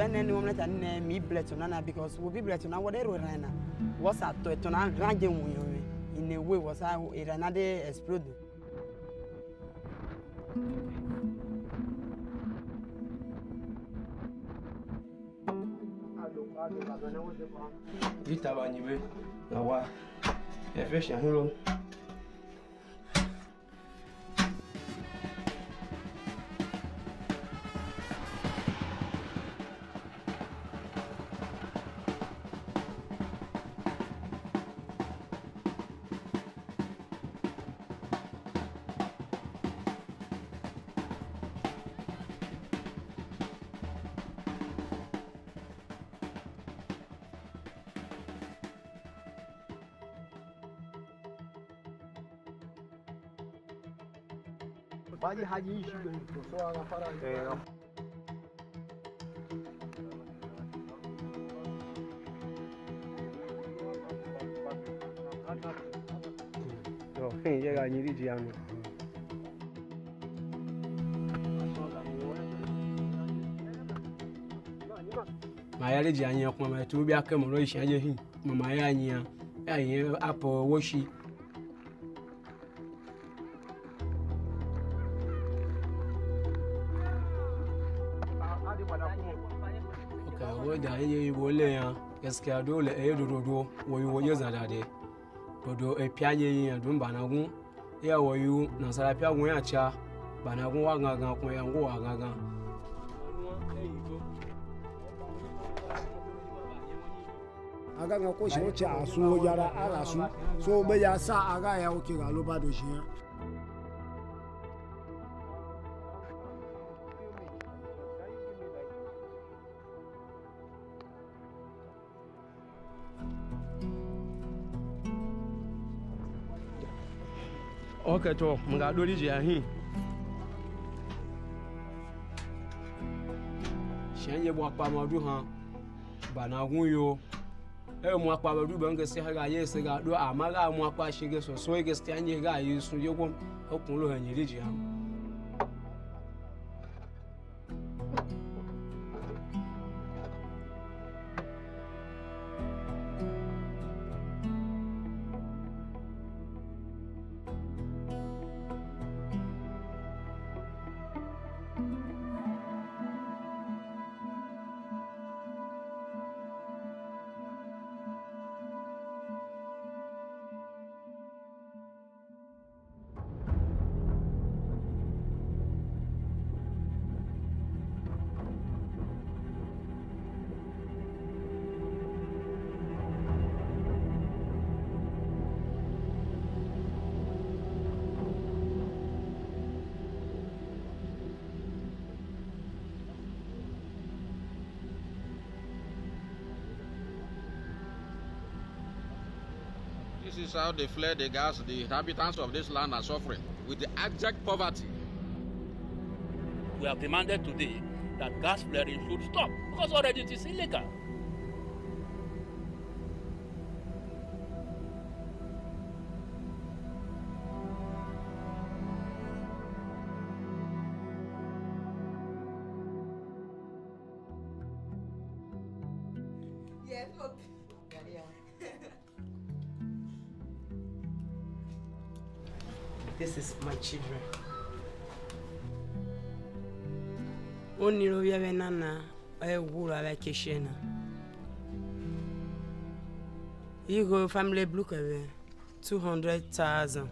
ɛnɛ ni wɔmlɛ ta nɛ mi blɛ tuna na because wo bi blɛ tuna wɔ de ro rɛ na wɔsa tɔ tuna gran je explode. 我一哈就一宿，说啊，怕了。对啊。对，嘿，一个年纪这样子。妈呀，这玩意儿可他妈的土鳖，可毛利害了，妈呀，这玩意儿，哎呀，阿婆，我操！kawo da yayi wole ya gaskiya dole a eh, yi dodo wayo eh, waje zada dai dodo a fiye yi ya banagun iya wayo nasara fiya gun ya banagun wa gangan kuma yango wa gangan aga nga ko shi wuce a su yara ara su so be ya sa aga ya wuce ga loba da shi ya okay to mga dori je ahin shen ye bwa pa ma du ha ba na gun yo e mu apa ba du ba nge se ha ye se ga do ama ga mu apa shi ge so so e ge ste anye ga yesu ye ko okun e lo han ye je ha This is how they flare the gas. The inhabitants of this land are suffering with the abject poverty. We have demanded today that gas flaring should stop because already it is illegal. Yes, look. This is my children. Oniro na nana ala Igo family blue kawe 200,000.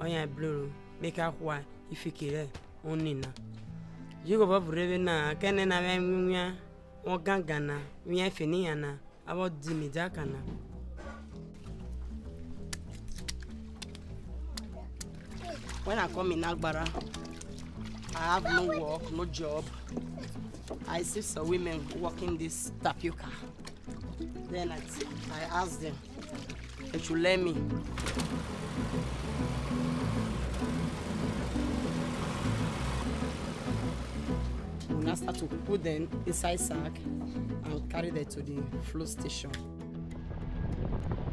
Onya blue make akwa ifikire onina. Igo babu rewe na kene na wenwia ogangana wiafeni yana abo dinidakana. When I come in Agbara, I have no work, no job. I see some women working this tapioca. Then I, I ask them, they should let me. When I start to put them inside sack and carry them to the flow station.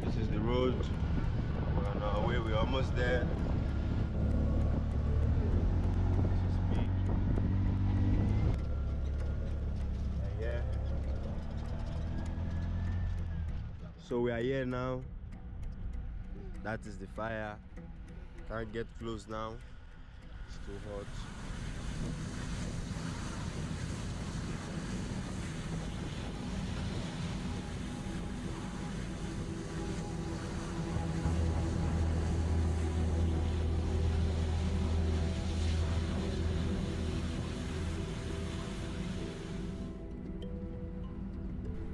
This is the road. We're on our way, we're almost there. So we are here now. That is the fire. Can't get close now. It's too hot.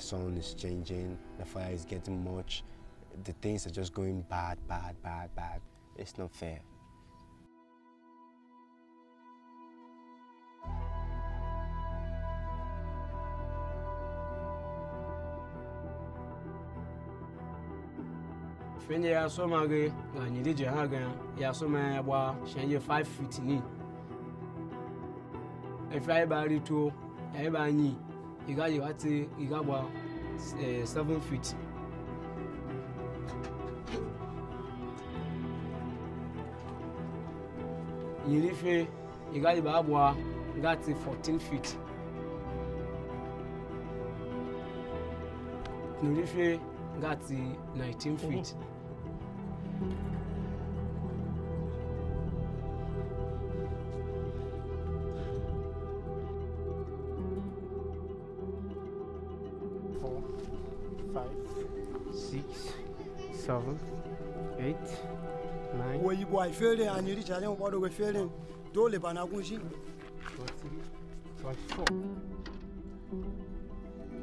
the sun is changing, the fire is getting much, the things are just going bad, bad, bad, bad. It's not fair. When you fende ya soma you na nyidi je ha gan ya soma ya bwa shenje 5 feet If I fry ba rituo I ba nyi irayo ate irawa eh, seven feet. yirife irayo baabwa ngati fourteen feet. nurife ngati nineteen feet. Mm -hmm. I failed and you reach I didn't want to be failing. Dole Banagushi.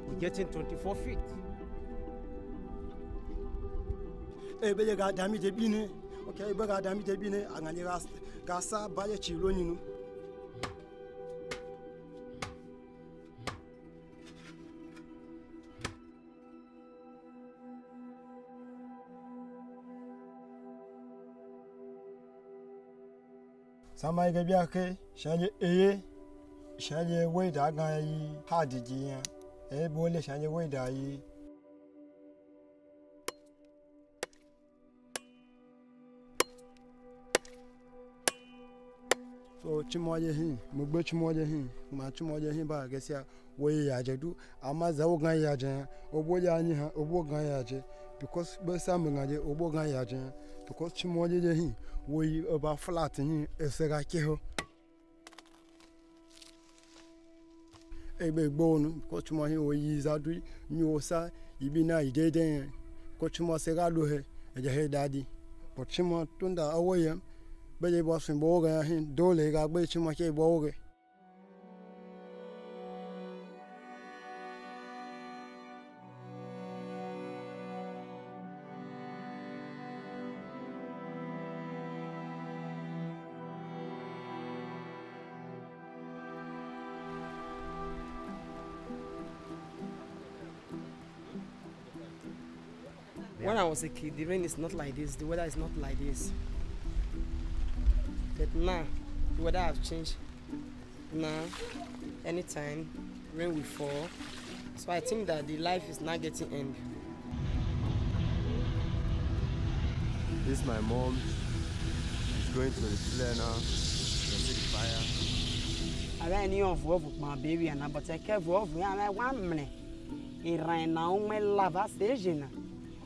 We're getting 24 feet. Ebe ga dami te bine. Okay, ebe ga dami te bine. Angani gas gasa baje chilo ninu. samai ga bia ke shanye eye shanye weida gan yi hadi jiyan e bo le shanye weida yi so chimoje hin mo gbe chimoje hin ma chimoje hin ba ge sia wo ya je ama za wo ya je obo ya ni ha obo gan ya je because bɛsa mɛ ŋa dze wobɔ gã ya dze because mɔ dze dze hi woyi eba flat nyi ese ga tse hɔ ebe gbɔ nu because mɔ hi woyi nyi nyiwo sa bi na yi dede yɛ because tsimɔ se ga do hɛ edze hɛ da di but tsimɔ da ewɔ yɛm bɔ sun bɔ wo ya hi do le ga gbe tsimɔ tse bɔ wo gɛ. When I was a kid, the rain is not like this. The weather is not like this. But now, the weather has changed. Now, anytime rain will fall. So I think that the life is not getting end. This is my mom. She's going to the flare now. She's the fire. I ran you off my baby and I but I kept off. I went one minute. It ran now my lava station.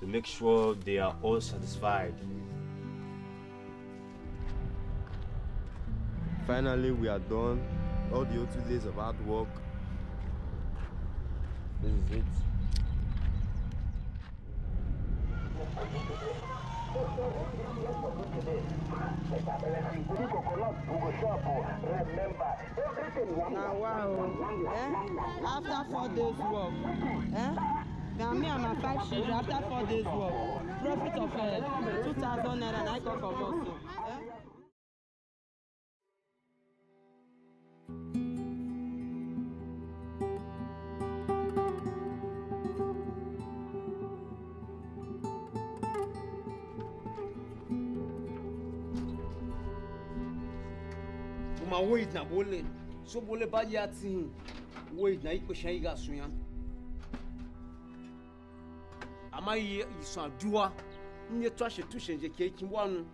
to make sure they are all satisfied. Finally, we are done. All the two days of hard work. This is it. Now, ah, wow. Eh? After four days work, eh? Now me and my five children, after four days work, profit of uh, thousand naira I got for Boston. Eh? Ma wait na bole, so bole ba ya tin. Wait na ikpe shan iga suyan ama yɛ yisanduwa n yɛ tɔ ahyɛ tu hyɛnjɛ kɛ ekin wa no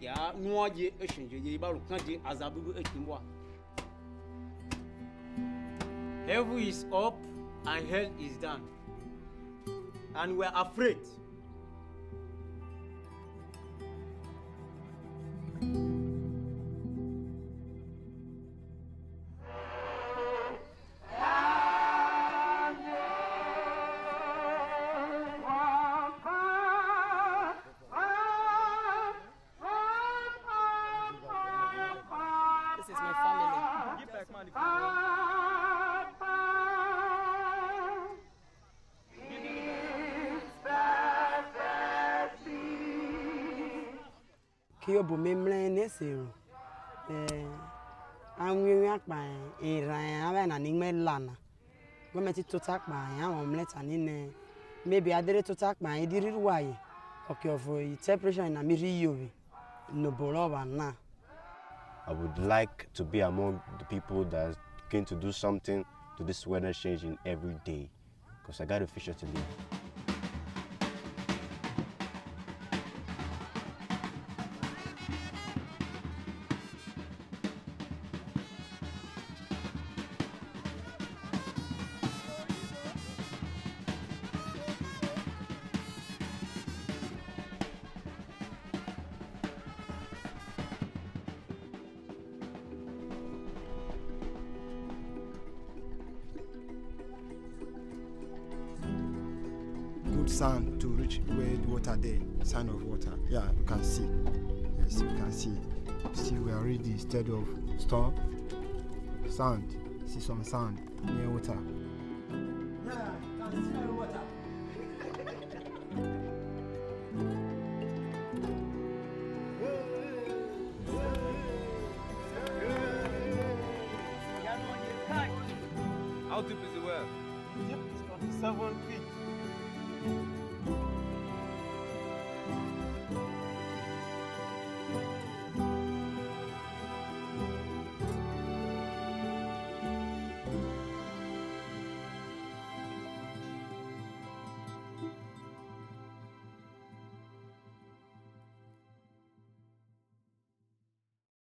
yaa nua yɛ ehyɛnjɛ yɛ ibaro kan de azabubu ekin wa. heaven is up and hell is down and we are afraid. yobu memle nesero eh anwi akpa iran ave na nigme lana gọọmenti tụta akpa anyị ahụ mleta niile mebi adịrị tụta akpa anyị dịrịrị waye ọkịọvụ itepreshan na mmiri yobi n'obodo ọba na I would like to be among the people that came to do something to this weather change in every day because I got a future to live. sand to reach where the water there, sand of water. Yeah, you can see. Yes, you can see. See, we are ready instead of stop. sand. See some sand near water. Yeah, can see the water. How deep is the well? Deep is twenty-seven feet thank you